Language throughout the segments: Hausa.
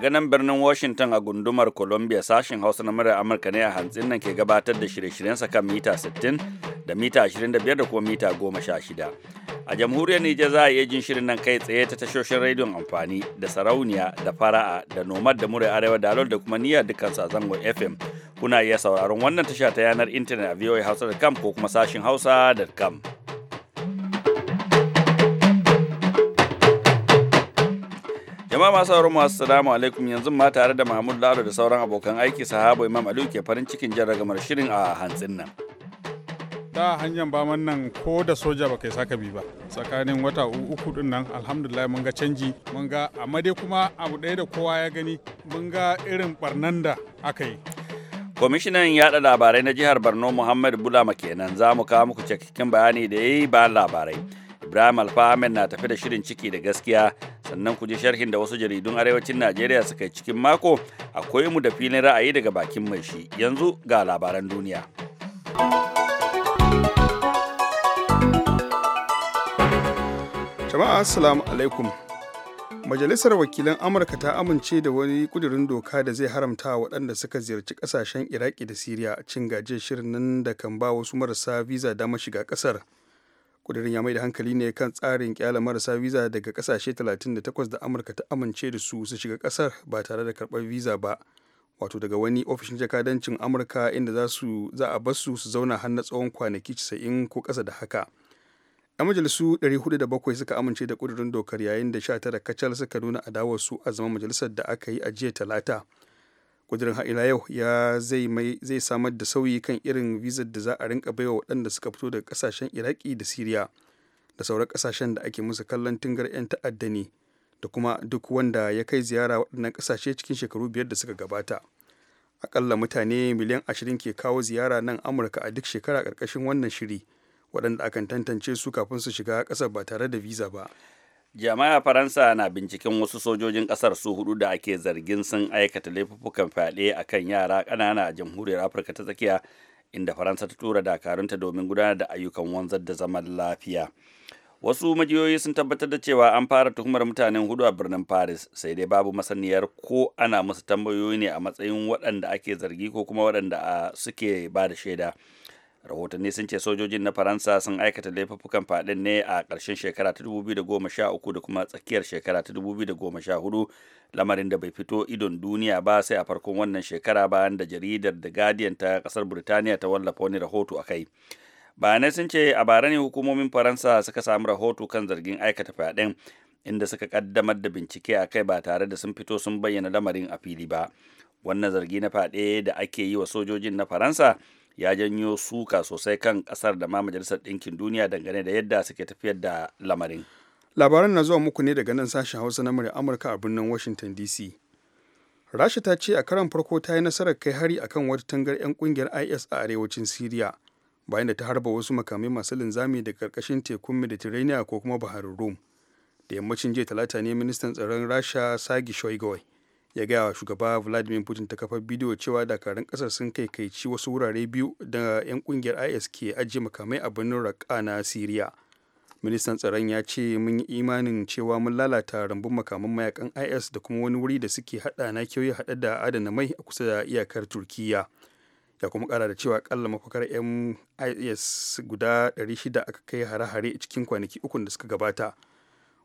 Daga nan birnin Washington a gundumar Columbia sashen Hausa na murar Amurka ne a hantsin nan ke gabatar da shirye-shiryensa kan mita 60 da mita 25 da kuma mita 16. A jamhuriyar Nijar za a iya jin shirin nan kai tsaye ta tashoshin rediyon amfani da sarauniya da fara'a da nomad da murai arewa da da kuma niyyar dukkan zangon FM. Kuna iya sauraron wannan tasha ta yanar intanet a voahausa.com ko kuma sashin hausa.com. Jama'a masu sauraron mu assalamu alaikum yanzu ma tare da Mahmud Lalo da sauran abokan aiki sahabo Imam Aliyu ke farin cikin jan ragamar shirin a hantsin nan. Da hanyar man nan ko da soja ba kai saka bi ba tsakanin wata uku din nan alhamdulillah mun ga canji mun ga amma dai kuma abu ɗaya da kowa ya gani mun ga irin barnan da aka yi. Kwamishinan yaɗa labarai na jihar Borno Muhammad Bulama kenan za mu kawo muku cikakken bayani da ya yi bayan labarai. Ibrahim Alfahamed na tafi da shirin ciki da gaskiya sannan ku ji sharhin da wasu jaridun arewacin najeriya suka yi cikin mako akwai mu da filin ra'ayi daga bakin mai shi yanzu ga labaran duniya jama'a assalamu alaikum majalisar wakilan amurka ta amince da wani kudirin doka da zai haramta waɗanda suka ziyarci ƙasashen iraki da siriya cin gaje shirin nan da kan ba wasu marasa visa dama shiga ƙasar kudirin ya mai da hankali ne kan tsarin kyala marasa visa daga kasashe 38 da amurka ta amince da su su shiga kasar ba tare da karbar visa ba wato daga wani ofishin jakadancin amurka inda za a basu su zauna har tsawon kwanaki 90 ko kasa da haka yan majalisu 407 suka amince da kudirin dokar yayin da 19 kacal suka nuna adawarsu a zaman majalisar da aka yi a jiya talata kudirin ha'ila yau ya zai mai zai samar da sauyi kan irin visa da za a rinka baiwa waɗanda suka fito daga ƙasashen iraki da siriya da sauran ƙasashen da ake musu kallon tungar 'yan ta'adda ne da kuma duk wanda ya kai ziyara waɗannan ƙasashe cikin shekaru biyar da suka gabata akalla mutane miliyan ashirin ke kawo ziyara nan amurka a duk shekara ƙarƙashin wannan shiri waɗanda akan tantance su kafin su shiga ƙasar ba tare da visa ba jama'a faransa na binciken wasu sojojin kasar su hudu da ake zargin sun aikata laifuffukan fyaɗe a kan yara ƙanana a jamhuriyar afirka ta tsakiya inda faransa ta tura dakarunta domin gudanar da ayyukan wanzar da zaman lafiya wasu majiyoyi sun tabbatar da cewa an fara tuhumar mutanen hudu a birnin paris sai dai babu masaniyar ko ana musu tambayoyi ne a matsayin waɗanda ake zargi ko kuma waɗanda suke ba da shaida rahotanni sun ce sojojin na faransa sun aikata laifukan fadin ne a ƙarshen shekara ta 2013 da kuma tsakiyar shekara ta 2014 lamarin da bai fito idon duniya ba sai a farkon wannan shekara bayan da jaridar the guardian ta ƙasar burtaniya ta wallafa wani rahoto a kai bayanai sun ce a bara ne hukumomin faransa suka samu rahoto kan zargin aikata fyaɗen inda suka kaddamar da bincike a kai ba tare da sun fito sun bayyana lamarin a fili ba wannan zargi na fyaɗe da ake yi wa sojojin na faransa ya janyo suka sosai kan kasar da ma majalisar ɗinkin duniya dangane da yadda suke tafiyar da lamarin labaran na zuwa muku ne daga nan sashen hausa na murya amurka a birnin washington dc rasha ta ce a karon farko ta yi nasarar kai hari akan wata tangar 'yan kungiyar is a arewacin siriya bayan da ta harba wasu makamai masu linzami da karkashin tekun mediterranean ko kuma baharin rum da yammacin jiya talata ne ministan tsaron rasha sagi Shoigoi ya gaya wa shugaba vladimir putin ta kafar bidiyo cewa dakarun kasar sun ci wasu wurare biyu da 'yan kungiyar is ke ajiye makamai a birnin raqqa na syria ministan tsaron ya ce mun yi imanin cewa mun lalata rambun makaman mayakan is da kuma wani wuri da suke hada na kyauye hada da adana mai a kusa da iyakar turkiya ya kuma kara da cewa kalla mafakar is guda 600 aka kai hare-hare cikin kwanaki ukun da suka gabata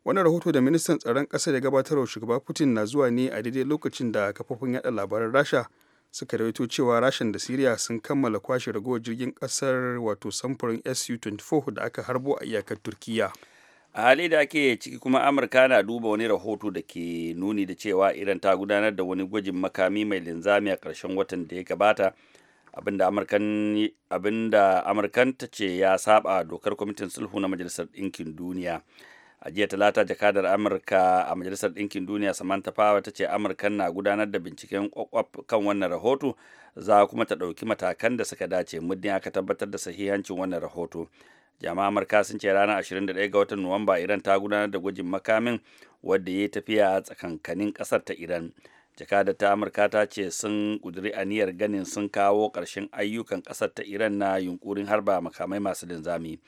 wannan rahoto da ministan tsaron ƙasa da gabatarwa shugaba putin na zuwa ne a daidai lokacin da kafofin yada labaran rasha suka rawaito cewa rashin da siriya sun kammala kwashe ragowar jirgin ƙasar wato samfurin su-24 da aka harbo a iyakar turkiya a hali da ake ciki kuma amurka na duba wani rahoto da ke nuni da cewa iran ta gudanar da wani gwajin makami mai linzami a ƙarshen watan da ya gabata abinda abinda amurkan ta ce ya saba dokar kwamitin sulhu na majalisar ɗinkin duniya a jiya talata jakadar amurka a majalisar ɗinkin duniya samantha power ta ce amurkan na gudanar da binciken kwakwaf kan wannan rahoto za kuma ta ɗauki matakan da suka dace muddin aka tabbatar da sahihancin wannan rahoto jama'a amurka sun ce ranar 21 ga watan nuwamba iran ta gudanar da gwajin makamin wadda ya tafiya tsakankanin ƙasar ta iran jakada ta amurka ta ce sun ƙudiri aniyar ganin sun kawo ƙarshen ayyukan ƙasar ta iran na yunkurin harba makamai masu linzami.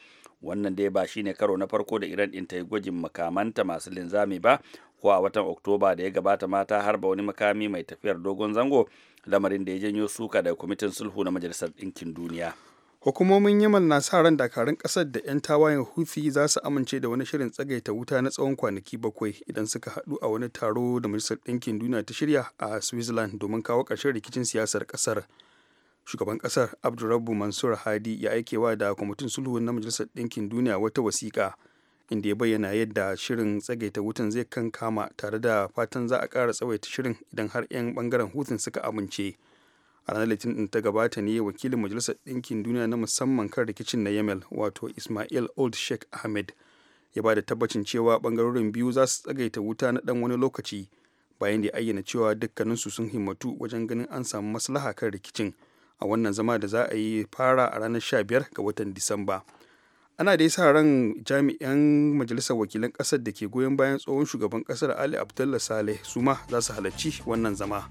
wannan dai ba shine karo na farko da iran in ta yi gwajin makamanta masu linzami ba ko a watan oktoba da ya gabata mata harba wani makami mai tafiyar dogon zango lamarin da ya janyo suka daga kwamitin sulhu na majalisar ɗinkin duniya hukumomin yaman na sa ran dakarun kasar da 'yan tawayen hufi za su amince da wani shirin tsagaita wuta na tsawon kwanaki bakwai idan suka haɗu a wani taro da majalisar ɗinkin duniya ta shirya a switzerland domin kawo ƙarshen rikicin siyasar ƙasar shugaban kasar abdurrabu mansur hadi ya aikewa da kwamitin sulhu na majalisar ɗinkin duniya wata wasiƙa inda ya bayyana yadda shirin tsagaita wutan zai kan kama tare da fatan za a ƙara tsawaita shirin idan har 'yan bangaren hutun suka amince a ranar litinin ta gabata ne wakilin majalisar ɗinkin duniya na musamman kan rikicin na yamal wato ismail old sheikh ahmed ya ba da tabbacin cewa bangarorin biyu za su tsagaita wuta na ɗan wani lokaci bayan da ya ayyana cewa dukkaninsu sun himmatu wajen ganin an samu maslaha kan rikicin a wannan zama da za a yi fara a ranar 15 ga watan disamba ana da sa ran jami'an majalisar wakilan kasar da ke goyon bayan tsohon shugaban kasar ali abdullah saleh su ma za su halarci wannan zama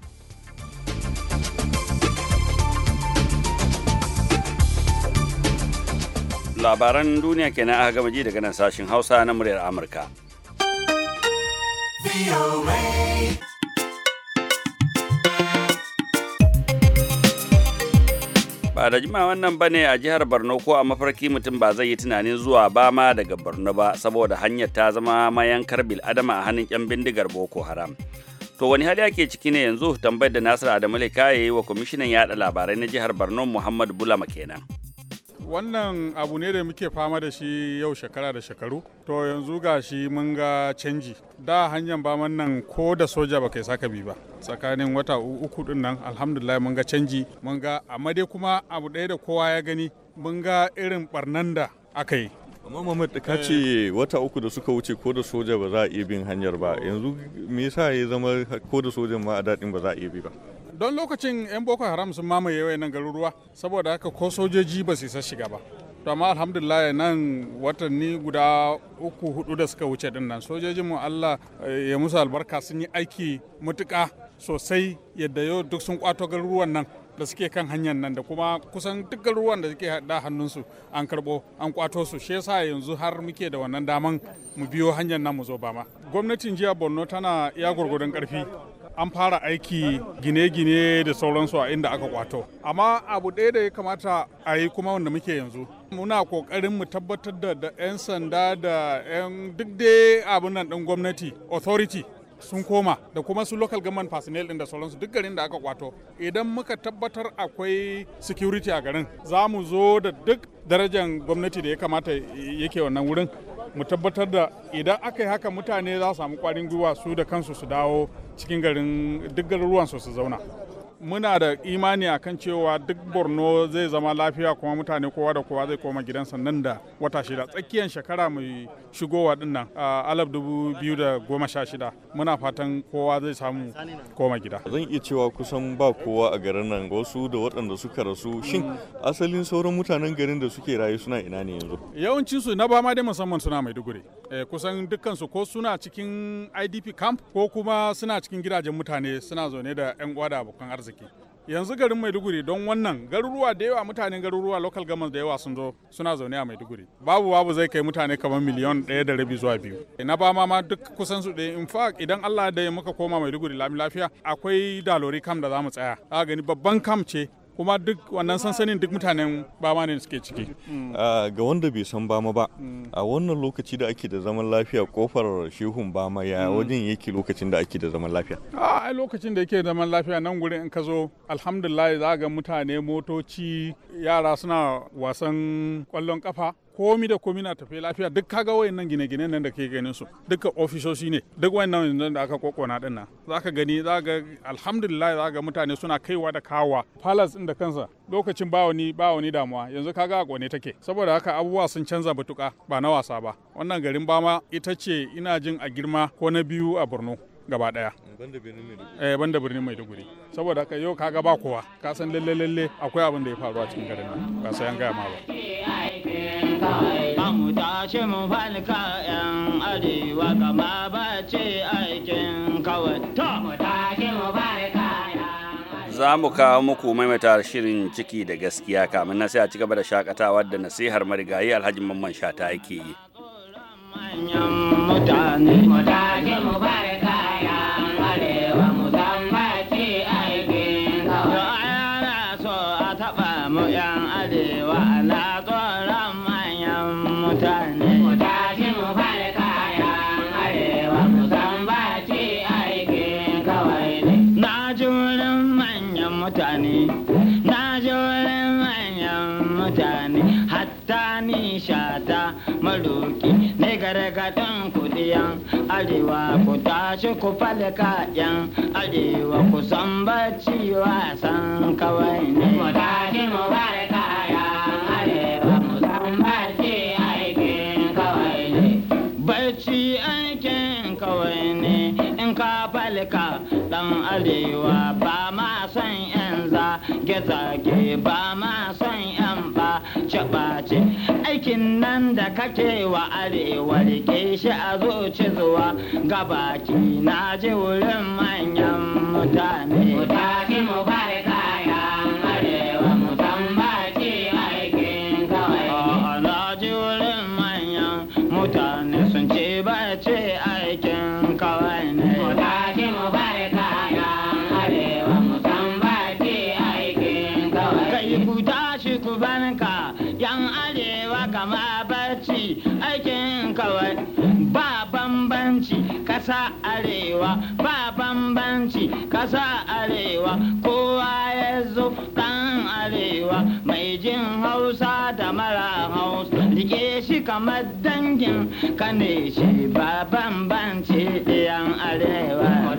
labaran duniya kenan aka gama ji daga nan sashen hausa na muryar amurka VOA. ba da jima wannan ba ne a jihar borno ko a mafarki mutum ba zai yi tunanin zuwa ba ma daga borno ba saboda hanyar ta zama mayankar adama a hannun yan bindigar boko haram to wani hali ake ciki ne yanzu tambayar da Nasiru adamu ya yi wa kwamishinan yaɗa labarai na jihar borno muhammad bulama kenan wannan abu ne da muke fama da shi yau shekara da shekaru to yanzu ga shi mun ga canji da hanyar ba nan ko da soja ba kai saka bi ba tsakanin wata uku din nan alhamdulillah mun ga canji mun ga amma dai kuma abu ɗaya da kowa ya gani mun ga irin barnan da aka yi amma mamad ka ce eh. wata uku da suka wuce ko da soja ba za a iya bin hanyar ba yanzu me yasa ya zama ko da sojan ma a daɗin ba za a iya bi ba don lokacin 'yan boko haram sun mamaye nan garuruwa saboda haka ko sojoji ba su isa shiga ba to amma alhamdulillah nan watanni guda uku hudu da suka wuce din nan sojojin mu Allah eh, ya musu albarka sun yi aiki mutuka sosai yadda yau duk sun kwato garuruwan nan da suke kan hanyar nan da kuma kusan duk garuruwan da suke da hannunsu an karbo an kwato su shi yasa yanzu har muke da wannan daman mu biyo hanyar nan mu zo ba ma gwamnatin jiya borno tana iya gwargwadon karfi an fara aiki gine-gine da sauransu a inda aka kwato amma abu ɗaya da ya kamata a yi kuma wanda muke yanzu muna kokarin mu tabbatar da 'yan sanda da 'yan duk dai abin nan ɗin gwamnati authority sun koma da kuma su local government personnel din da sauransu duk garin da aka kwato idan muka tabbatar akwai security a garin za mu zo da duk darajar gwamnati da ya kamata yake wannan wurin mu tabbatar da idan aka yi haka mutane za su samu kwarin gwiwa su da kansu su dawo cikin garin duk su su zauna muna da imani kan cewa duk borno zai zama lafiya kuma mutane kowa da kowa zai koma gidansa nan da wata shida tsakiyar shekara mai shigowa din nan a alaf dubu biyu da goma sha shida muna fatan kowa zai samu koma gida zan iya cewa kusan ba kowa a garin nan wasu da waɗanda suka rasu shin asalin sauran mutanen garin da suke rayu suna ina ne yanzu yawancin su na ba ma dai musamman suna maiduguri eh, kusan dukkan su ko suna cikin idp camp ko kuma suna cikin gidajen mutane suna zaune da yan uwa da abokan arziki arziki yanzu garin maiduguri don wannan garuruwa da yawa mutanen garuruwa local government da yawa sun zo suna zaune a maiduguri babu babu zai kai mutane kamar miliyan ɗaya da rabi zuwa biyu na ba ma duk kusan su ɗaya in fact idan allah da ya muka koma maiduguri lami lafiya akwai dalori kam da za mu tsaya a gani babban kam ce kuma duk wannan sansanin duk mutanen bama ne suke ciki ga wanda bai san bama ba a wannan lokaci da ake da zaman lafiya kofar shehun bama ya mm. wajen yake lokacin da ake da zaman lafiya a lokacin da yake zaman lafiya nan gurin in ka zo alhamdulillah za ga mutane motoci yara suna wasan kwallon kafa komi da komi na tafiya lafiya duk kaga wayannan gine-gine nan da ke ganin su duka ofisoshi ne duk wayannan da aka kokona din nan zaka gani zaka alhamdulillah zaka mutane suna kaiwa da kawa palace din da kansa lokacin ba wani ba wani damuwa yanzu kaga a kone take saboda haka abubuwa sun canza batuka ba na wasa ba wannan garin bama ita ce ina jin a girma ko na biyu a Borno gaba daya eh banda birnin maiduguri saboda haka yau kaga ba kowa ka san lalle lalle akwai abin da ya faru a cikin garin nan ba sai an gaya ma ba Za mu kawo muku maimaita shirin ciki da gaskiya kamin na sai a ci gaba da shakatawa da nasihar marigayi alhaji mamman shata yake yi. mutane mutane, mutane, matan kudiyan arewa ku tashi ku falka yan arewa ku san bacci wasan kawai ne mu tashi mu barka yan arewa mu san bacci aikin kawai ne bacci aikin kawai ne in ka falka dan arewa ba ma san yan za ba ma san yan ba ce mulkin nan da kake wa arewa rike shi a zuci zuwa gabaki na ji wurin manyan mutane. Mutane mu bare arewa ba bambanci kasa arewa kowa ya zo ɗan arewa mai jin hausa da mara hausa rike shi kamar dangin kane shi ba bambanci ɗiyan arewa.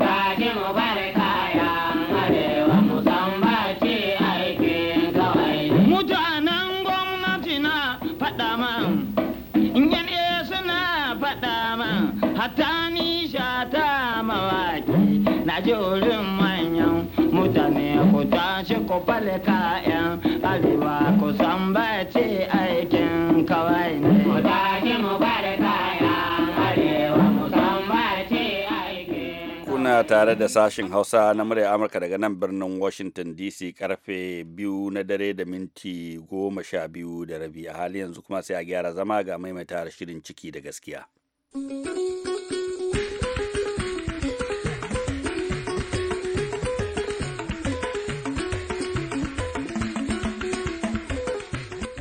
a jorin manyan mutane ku tashi ku fale kayan arewa ku san bace aikin kawai ne. Kuna tare da sashin Hausa na murya Amurka daga nan birnin Washington DC karfe biyu na dare da minti goma sha biyu da rabi a hali yanzu kuma sai a gyara zama ga maimaita shirin ciki da gaskiya.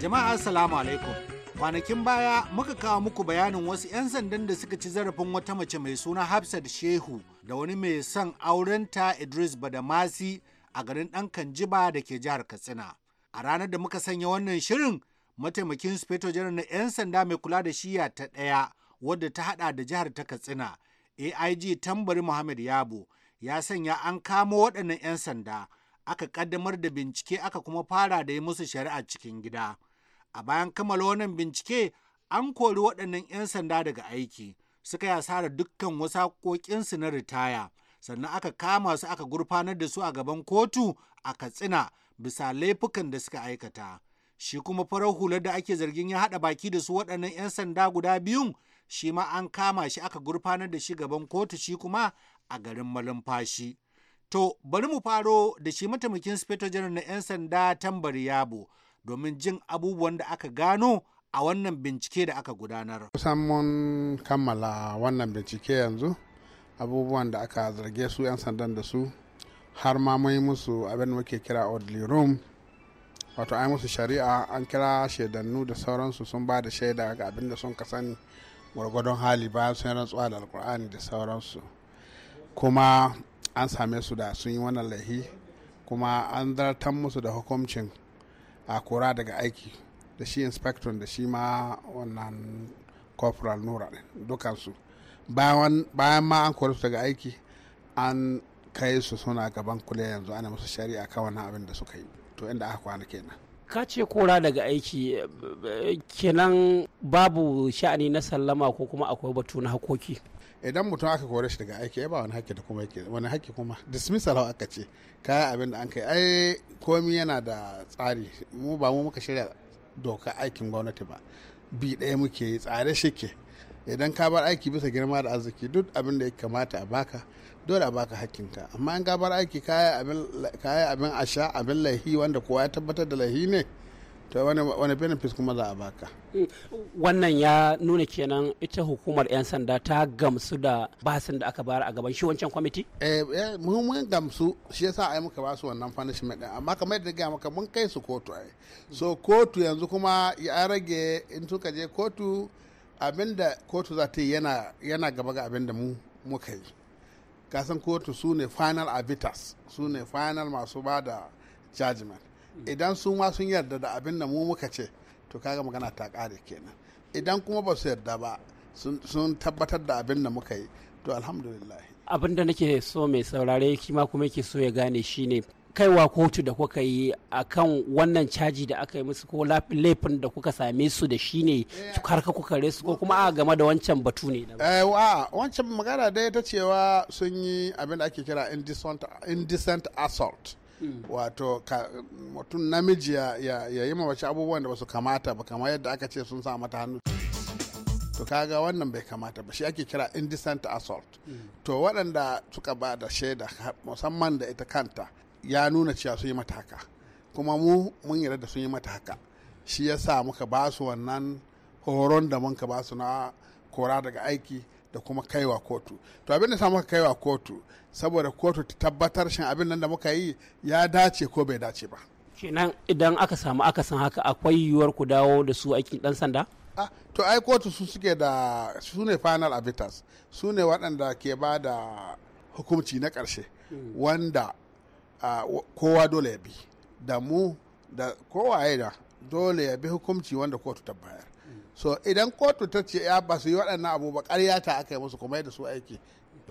Jama'a Assalamu alaikum. Kwanakin baya muka kawo muku bayanin wasu 'yan sandan da suka ci zarafin wata mace mai suna Hafsat Shehu da wani mai son aurenta Idris Badamasi a garin ɗan Kanjiba da ke jihar Katsina. A ranar da muka sanya wannan shirin mataimakin Sufeto Janar na 'yan sanda mai kula da shiya ta ɗaya wadda ta haɗa da jihar ta Katsina AIG Tambari Muhammad Yabo ya sanya an kamo waɗannan 'yan sanda aka ƙaddamar da bincike aka kuma fara da yi musu shari'a cikin gida. a bayan kammala wannan bincike an kori waɗannan 'yan sanda daga aiki suka yi asarar dukkan wasu haƙoƙinsu na ritaya sannan aka kama su aka gurfanar da su a gaban kotu a katsina bisa laifukan da suka aikata shi kuma farar hular da ake zargin ya haɗa baki da su waɗannan 'yan sanda guda biyun shi ma an kama shi aka gurfanar da shi gaban kotu shi kuma a garin malumfashi to bari mu faro da shi mataimakin speto janar na 'yan sanda tambari yabo domin jin abubuwan da aka gano a wannan bincike da aka gudanar. Kusan mun kammala wannan bincike yanzu abubuwan da aka zarge su 'yan sandan da su har ma mun musu abin muke kira Audley Room wato ai musu shari'a an kira shaidannu da sauransu sun ba da shaida ga abin da sun ka sani gwargwadon hali bayan sun rantsuwa da alkur'ani da sauransu kuma an same su da sun yi wannan laihi kuma an zartan musu da hukuncin a kora daga aiki da shi inspector da shi ma wannan corporal nura din dukansu bayan ma an kore su daga aiki an kai su suna gaban kule yanzu ana musu shari'a kan wannan abin da suka yi to inda aka kwana kenan ka ce kora daga aiki eh, eh, kenan babu sha'ani na sallama ko kuma akwai batu na hakoki idan mutum aka kore shi daga aiki ya ba wani haƙƙi da kuma yake wani haƙƙi kuma dismissal aka ce kaya abin da an kai ai komi yana da tsari mu ba mu muka shirya doka aikin gwamnati ba bi ɗaya muke yi tsare shi ke idan ka bar aiki bisa girma da arziki duk abin da ya kamata a baka dole a baka hakkinka amma in ka bar aiki kaya abin abin asha abin laihi wanda kowa ya tabbatar da laihi ne to wani benefits kuma za a baka wannan ya nuna kenan ita hukumar 'yan sanda ta gamsu da basin da aka bayar a gaban shi wancan kwamiti eh, eh mun gamsu shi yasa ai muka su wannan punishment din amma kamar yadda ga maka mun kai su kotu ai so kotu yanzu kuma ya rage in tuka je kotu abinda kotu za ta yi yana yana gaba ga abinda mu muka yi kasan kotu su ne final arbiters su ne final masu ba da judgment idan sun ma sun yarda da abin da mu muka ce to kaga magana ta ƙare kenan idan kuma ba su yarda ba sun tabbatar da abin da muka yi to alhamdulillah abin da nake so mai saurare ma kuma yake so ya gane shine kaiwa kotu da kuka yi akan wannan caji da aka yi musu ko laifin da kuka same su da shi ne eh. har ka kuka resu ko kuma a game da wancan batu ne a eh, wancan magana dai ta cewa sun yi abin da ake kira indecent assault Mm. wato mutum namiji ya yi mawace abubuwan da ba su kamata ba kamar yadda aka ce sun sa mata hannu to kaga wannan bai kamata ba shi ake kira indecent assault mm. to waɗanda suka ba da shaida musamman da ita kanta ya nuna cewa sun yi mata haka kuma mu mun yarda da sun yi mata haka shi sa muka ba su wannan horon da muka ba su na kora daga aiki da kuma kaiwa kotu to abin da sa muka kaiwa kotu saboda kotu ta tabbatar shin abin nan da muka yi ya dace ko bai dace ba kenan idan aka samu aka san haka akwai yiwuwar ku dawo da su aikin dan sanda ah, to ai kotu su suke da su ne final arbiters su ne waɗanda ke ba da hukumci na ƙarshe hmm. wanda kowa dole ya bi da mu da kowa ya da dole ya bi hukumci wanda kotu ta bayar so idan kotu ta ce ya ba su yi waɗannan abu ba ƙarya ta aka yi musu kuma yadda su aiki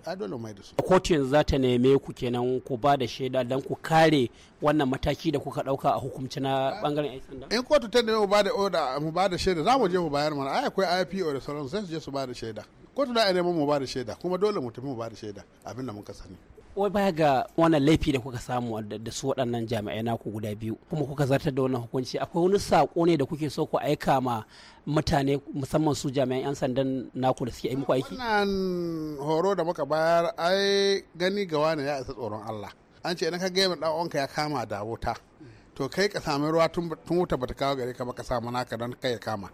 a dole mai da su kotu yanzu za ta neme ku kenan ku ba da shaida don ku kare wannan mataki da kuka ɗauka a hukumci na bangaren yan sanda in kotu ta neme mu ba da oda mu ba da shaida za mu je mu bayar mana ai akwai IPO da sauransu zai su je su ba da shaida kotu da neman mu ba da shaida kuma dole mu tafi mu ba da shaida abin da muka sani wai baya ga wannan laifi da kuka samu da su waɗannan jami'ai naku guda biyu kuma kuka zartar da wannan hukunci akwai wani saƙo ne da kuke so ku aika ma mutane musamman su jami'an 'yan sandan naku da suke muku aiki wannan horo da muka bayar ai gani ga wani ya isa tsoron Allah an ce idan ka ga mai ɗan'uwanka ya kama da wuta to kai ka sami ruwa tun wuta bata kawo gare ka ba ka samu naka don kai ya kama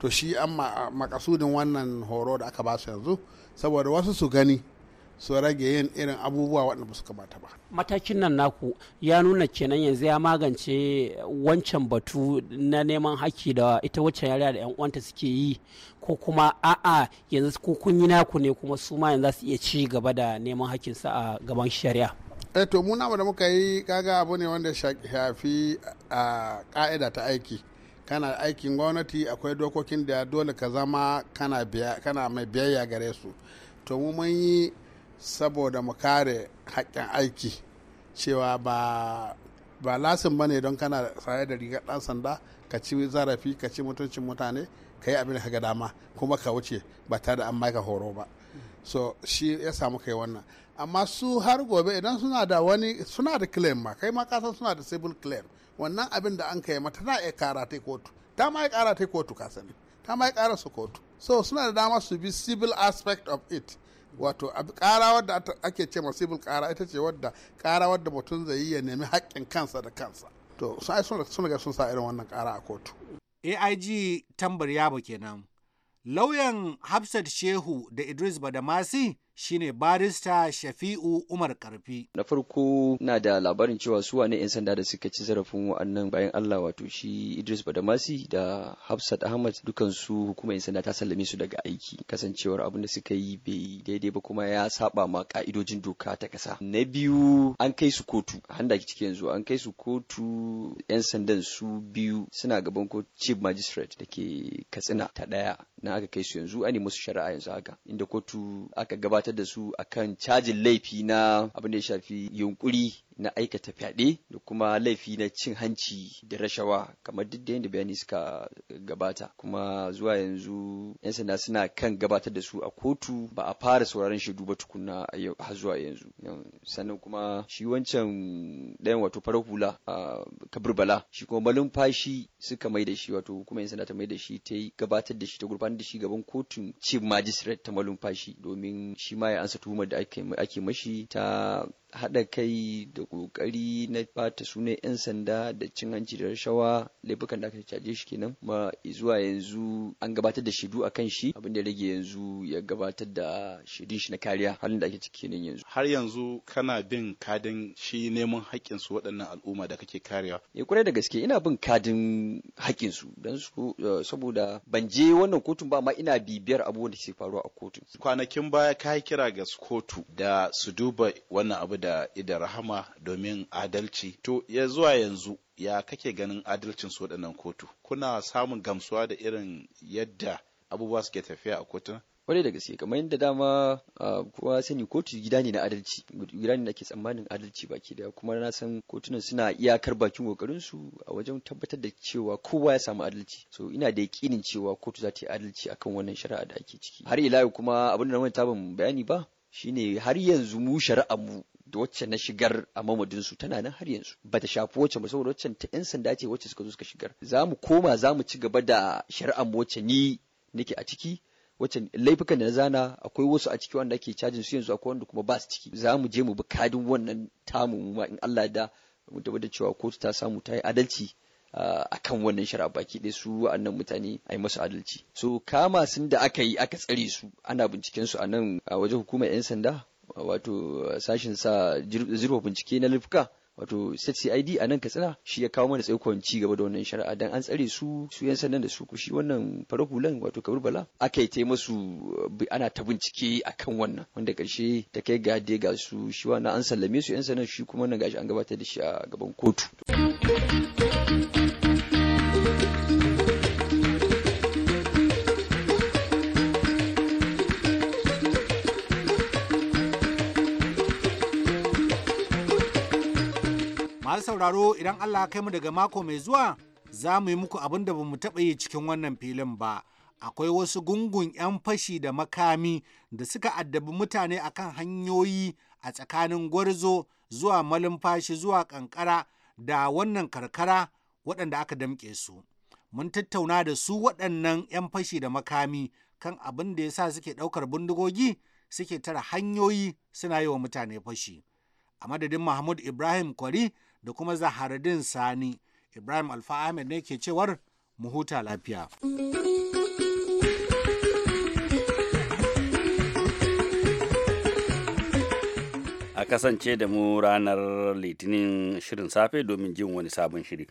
to shi an makasudin wannan horo da aka ba su yanzu saboda wasu su gani su rage yin irin abubuwa waɗanda ba su kamata ba. Matakin nan naku ya nuna kenan yanzu ya magance wancan batu na neman haƙƙi da ita wacce yariya da 'yan uwanta suke yi ko kuma a'a yanzu ko kun yi naku ne kuma su ma yanzu su iya ci gaba da neman haƙƙinsa a gaban shari'a. Eh to mu da muka yi kaga abu ne wanda shafi a ka'ida ta aiki. kana aikin gwamnati akwai dokokin da dole ka zama kana mai biyayya gare su to mu mun yi saboda mu kare haƙƙin aiki cewa ba ba lasin ba ne don kana saye da rigar ɗan sanda ka ci zarafi ka ci mutuncin mutane ka yi abin ga dama kuma ka wuce ba tare da an maka horo ba so shi ya samu kai wannan amma su har gobe idan suna da wani suna da claim ma kai ma kasan suna da civil claim wannan abin da an kai mata na iya kara ta kotu ta ma ya kara ta kotu ka sani ta ma ya kara su kotu so suna da dama su bi civil aspect of it wato ƙara wadda ake ce masibul kara ita ce wadda ƙara wadda mutum zai yi ya nemi haƙƙin kansa da kansa to sun ai sun ga sun sa irin wannan kara a kotu aig tambar yabo kenan lauyan hafsat shehu da idris badamasi shine barista Shafi'u Umar Karfi. Na farko na da labarin cewa su wane 'yan sanda da suka ci zarafin wa'annan bayan Allah wato shi Idris Badamasi da Hafsat Ahmad dukan su hukumar 'yan sanda ta sallame su daga aiki kasancewar abin da suka yi bai daidai ba kuma ya saba ma ka'idojin doka ta kasa. Na biyu an kai su kotu handa cikin yanzu an kai su kotu 'yan sandan su biyu suna gaban ko chief magistrate da ke Katsina ta ɗaya na aka kai su yanzu an yi musu shari'a yanzu haka inda kotu aka gabata gabatar da su akan cajin laifi na abin da ya shafi yunkuri na aikata fyaɗe da kuma laifi na cin hanci da rashawa kamar duk da yadda bayani suka gabata kuma zuwa yanzu 'yan sanda suna kan gabatar da su a kotu ba a fara sauraron shaidu ba tukuna har zuwa yanzu sannan kuma shi wancan ɗayan wato farar hula a kabirbala shi kuma Fashi suka mai da shi wato Kuma 'yan sanda ta mai da shi ta gabatar da shi ta gurfanar da shi gaban kotun cin magistrate ta Fashi. domin shi ma ya ansa tuhumar da ake mashi ta haɗa kai da ƙoƙari na bata sunan 'yan sanda da cin hanci da rashawa laifukan da aka caje shi kenan ma zuwa yanzu an gabatar da shaidu a kan shi abin da rage yanzu ya gabatar da shaidun shi na kariya halin da ake ciki kenan yanzu har yanzu kana bin kadin shi neman haƙƙin su waɗannan al'umma da kake kariya. ya kure da gaske ina bin kadin haƙƙin su dan eh, su saboda ban je wannan kotun ba amma ina bibiyar abubuwan da ke faruwa a kotun kwanakin baya ka kira ga kotu da su duba wannan abu da da ida rahama domin adalci to ya zuwa yanzu ya kake ganin adalcin su waɗannan kotu kuna samun gamsuwa da irin yadda abubuwa suke tafiya a kotuna kwarai da gaske kamar yadda dama kowa sani kotu gida ne na adalci gida ne da ake tsammanin adalci baki da kuma na san kotunan suna iyakar bakin kokarin su a wajen tabbatar da cewa kowa ya samu adalci so ina da yaƙinin cewa kotu za ta yi adalci akan wannan shari'a da ake ciki har ila kuma abin da na wani taban bayani ba shine har yanzu mu shari'a mu da wacce na shigar a mamadin tana nan har yanzu ba ta shafi wacce ba saboda wacce ta yan sanda ce wacce suka zo suka shigar za mu koma za mu ci gaba da shari'ar wacce ni nake a ciki wacce laifukan da na zana akwai wasu a ciki wanda ake cajin su yanzu akwai wanda kuma ba su ciki za mu je mu bi kadin wannan tamu mu ma in Allah da mu tabbatar cewa kotu ta samu ta yi adalci ah, a kan wannan shari'a baki ɗaya su wa'annan mutane a yi masu adalci so kama sun da aka yi aka tsare su ana binciken su a nan a wajen hukumar 'yan sanda wato sashin sa zurfa bincike na lifka wato state cid a nan katsina shi ya kawo mana tsaikon ci gaba da wannan shari'a dan an tsare su su yan sannan da su kushi wannan farahulan wato kabir bala aka yi masu ana ta bincike akan wannan wanda karshe ta kai ga ga su shi wannan an sallame su yan sannan shi kuma nan gashi an gabatar da shi a gaban kotu sauraro idan Allah kai mu daga mako mai zuwa za mu yi muku abin da ba mu taɓa yi cikin wannan filin ba. Akwai wasu gungun 'yan fashi da makami da suka addabi mutane akan hanyoyi a tsakanin gwarzo zuwa malumfashi zuwa kankara da wannan karkara waɗanda aka damƙe su. Mun tattauna da su waɗannan 'yan fashi da makami kan abin da ya sa suke ɗaukar bindigogi suke tara hanyoyi suna yi wa mutane fashi. a madadin Mahmud Ibrahim Kwari da kuma zaharadin sani ibrahim alfa ahmed ne ke cewar mu huta lafiya. a kasance da mu ranar litinin shirin safe domin jin wani sabon shiri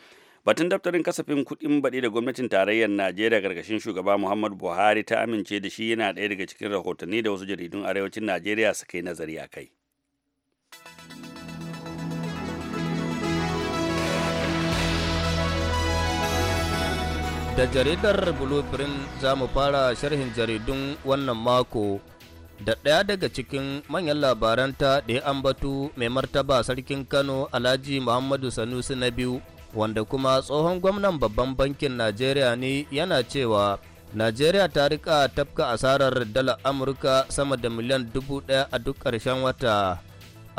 batun daftarin kasafin kuɗin baɗi da gwamnatin tarayyar najeriya gargashin shugaba muhammadu buhari ta amince da shi yana ɗaya daga cikin rahotanni da wasu jaridun arewacin najeriya suka yi nazari a kai Da jaridar Blueprint za mu fara sharhin jaridun wannan mako da ɗaya daga cikin manyan labaranta da ya ambatu mai martaba sarkin Kano Alhaji Muhammadu Sanusi na biyu wanda kuma tsohon gwamnan babban bankin Najeriya ne yana cewa Najeriya ta rika tafka asarar dala Amurka sama da miliyan dubu ɗaya a duk ƙarshen wata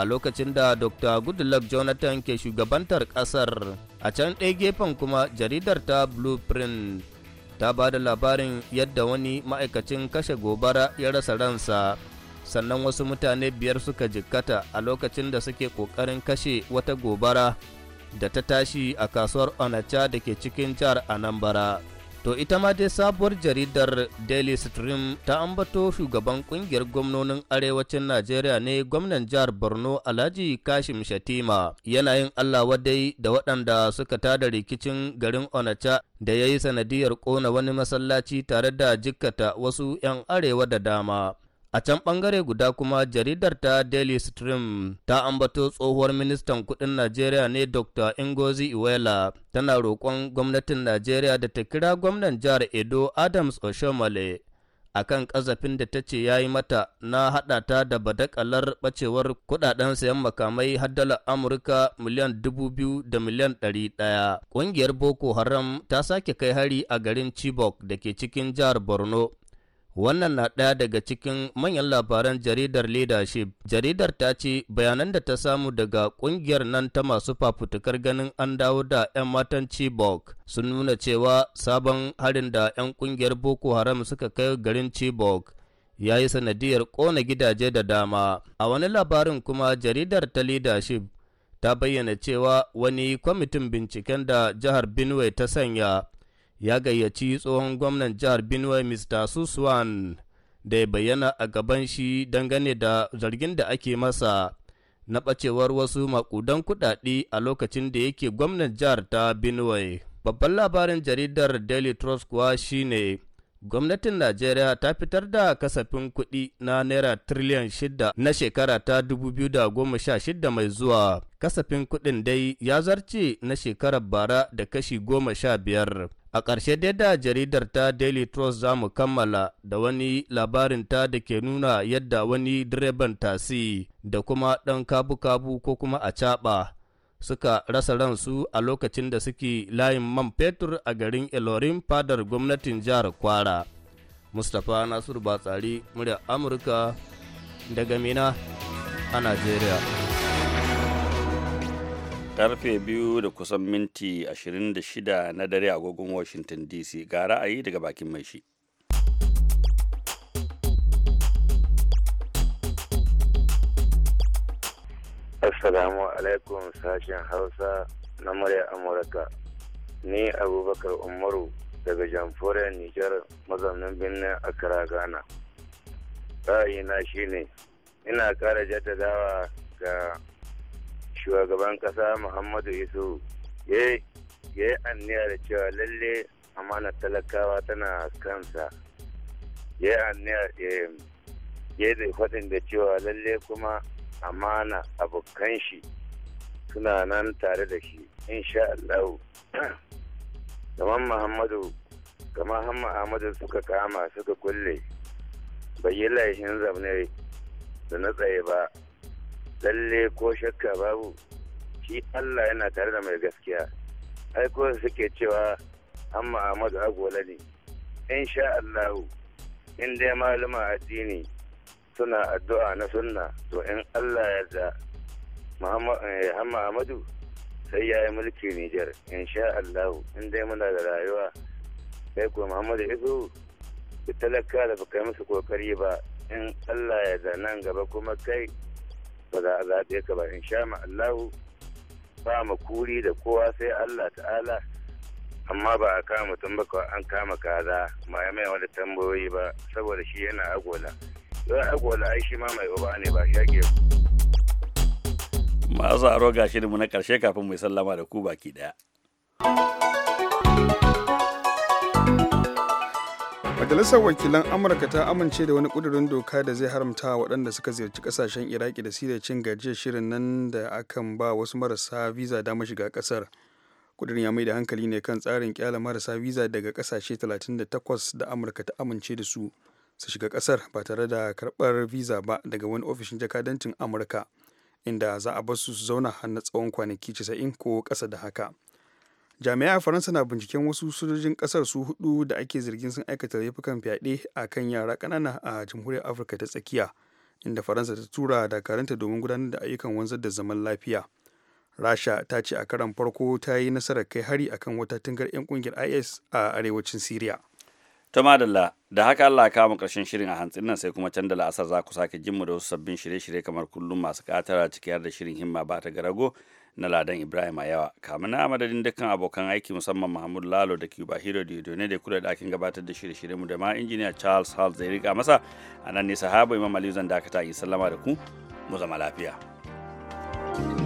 a lokacin da Dr. Goodluck Jonathan ke shugabantar ƙasar. a can ɗaya gefen kuma jaridar ta blueprint ta ba da labarin yadda wani ma'aikacin kashe gobara ya rasa ransa sannan wasu mutane biyar suka jikkata a lokacin da suke ƙoƙarin kashe wata gobara da ta tashi a kasuwar onacha da ke cikin jihar anambra. To ita ma dai sabuwar jaridar Daily Stream ta ambato shugaban kungiyar gwamnonin arewacin Najeriya ne gwamnan jihar Borno Alhaji Kashim Shatima yana yin Allah wadai da waɗanda suka tada rikicin garin Onacha da ya yi sanadiyar ƙona wani masallaci tare da jikkata wasu 'yan arewa da dama. A can ɓangare guda kuma jaridar ta Daily Stream ta ambato tsohuwar ministan kudin Najeriya ne Dr. Ingozi Iwela tana roƙon gwamnatin Najeriya da ta kira gwamnan jihar Edo Adams Oshomale a kan ƙazafin da ta ce ya yi mata na haɗa ta da badakalar ɓacewar kuɗaɗen sayan makamai har Amurka miliyan dubu biyu da miliyan ɗari ɗaya. Ƙungiyar Boko Haram ta sake kai hari a garin Chibok da ke cikin jihar Borno. Wannan na ɗaya daga cikin manyan labaran jaridar leadership. Jaridar ta ce bayanan da ta samu daga ƙungiyar nan ta masu fafutukar ganin an dawo da 'yan matan Chibok sun nuna cewa sabon harin da 'yan ƙungiyar Boko Haram suka kai garin Chibok ya yi sanadiyar ƙona gidaje da dama. A wani labarin kuma jaridar ta leadership ta bayyana cewa wani kwamitin binciken da jihar Benue ta sanya. ya gayyaci tsohon gwamnan jihar Benue Mr. Suswan da ya bayyana a gaban shi dangane da zargin da ake masa na bacewar wasu makudan kudade a lokacin da yake gwamnan jihar ta Benue. Babban labarin jaridar Daily Trust kuwa shine gwamnatin Najeriya ta fitar da kasafin kuɗi na Naira tiriliyan shida na shekara ta 2016 mai zuwa. Kasafin kuɗin dai ya zarce na shekarar bara da kashi goma A ƙarshe dai da jaridar ta Daily Trust za mu kammala da wani labarin ta da ke nuna yadda wani direban tasi da kuma ɗan kabu-kabu ko kuma a caɓa suka rasa ransu a lokacin da suke layin man fetur a garin Ilorin fadar gwamnatin jihar Kwara. Mustapha Nasiru Batsari, murya Amurka daga Mina a Najeriya. karfe biyu da kusan minti 26 na dare agogon washington dc ga ra'ayi daga bakin mai shi assalamu alaikum sashen hausa na murya amurka ni abubakar umaru daga jamfore nijar mazaunin birnin accra ghana ra'ayina shine ina kara jaddadawa ga shugaban kasa muhammadu isu ya yi anniya da cewa lalle amana talakawa tana kansa ya yi anniya ya yi faɗin da cewa lalle kuma amana abokan shi suna nan tare da shi insha Allah kamar muhammadu kamar hamma suka kama suka kulle bai yi laifin zamne da na tsaye ba lalle ko shakka babu shi Allah yana tare da mai gaskiya ai ko suke cewa an Muhammadu Agola ne insha Allah in dai malama addini suna addu'a na sunna to in Allah ya da Muhammadu eh, sai ya yi mulki Nijar insha Allah in dai muna da rayuwa sai ko Muhammadu Isu da talaka da baka musu kokari ba in Allah ya da nan gaba kuma kai ba za a zaɓe ka ba in sha ma Allahu ba mu kuri da kowa sai Allah ta'ala amma ba a kama mutum ba an kama kaza ma ya mai wani tambayoyi ba saboda shi yana agola yau agola ai shi ma mai uba ne ba shage masu aro ga mu na ƙarshe kafin yi sallama da ku baki ɗaya. majalisar wakilan amurka ta amince da wani kudurin doka da zai haramta waɗanda suka ziyarci kasashen iraki da siriya cin gajiyar shirin nan da akan ba wasu marasa visa dama shiga ƙasar kudurin ya mai da hankali ne kan tsarin kyala marasa visa daga ƙasashe 38 da amurka ta amince da su su shiga ƙasar ba tare da karɓar visa ba daga wani ofishin jakadancin amurka inda za a basu su zauna har na tsawon kwanaki 90 ko ƙasa da haka jami'ai a faransa na binciken wasu sojojin kasar su hudu da ake zargin sun aikata laifukan fyaɗe a kan yara ƙanana a jamhuriyar afirka ta tsakiya inda faransa ta tura dakaranta domin gudanar da ayyukan wanzar da zaman lafiya rasha ta ce a karan farko ta yi nasarar kai hari akan wata tungar 'yan kungiyar is a arewacin syria ta madalla da haka allah kama karshen shirin a hantsin nan sai kuma can da la'asar za ku sake jinmu da wasu sabbin shirye-shirye kamar kullum masu katara ciki har da shirin himma ba ta garago na Ladan Ibrahim Ayawa. Kamun na madadin dukkan abokan aiki musamman Mahmud Lalo da Cuba Hero ne da kula da akin gabatar da shirye-shirye mu da ma injiniya Charles Hall zai rika masa a nan ne sahaba Imam Aliyu zan dakata yi sallama da ku mu zama lafiya. thank you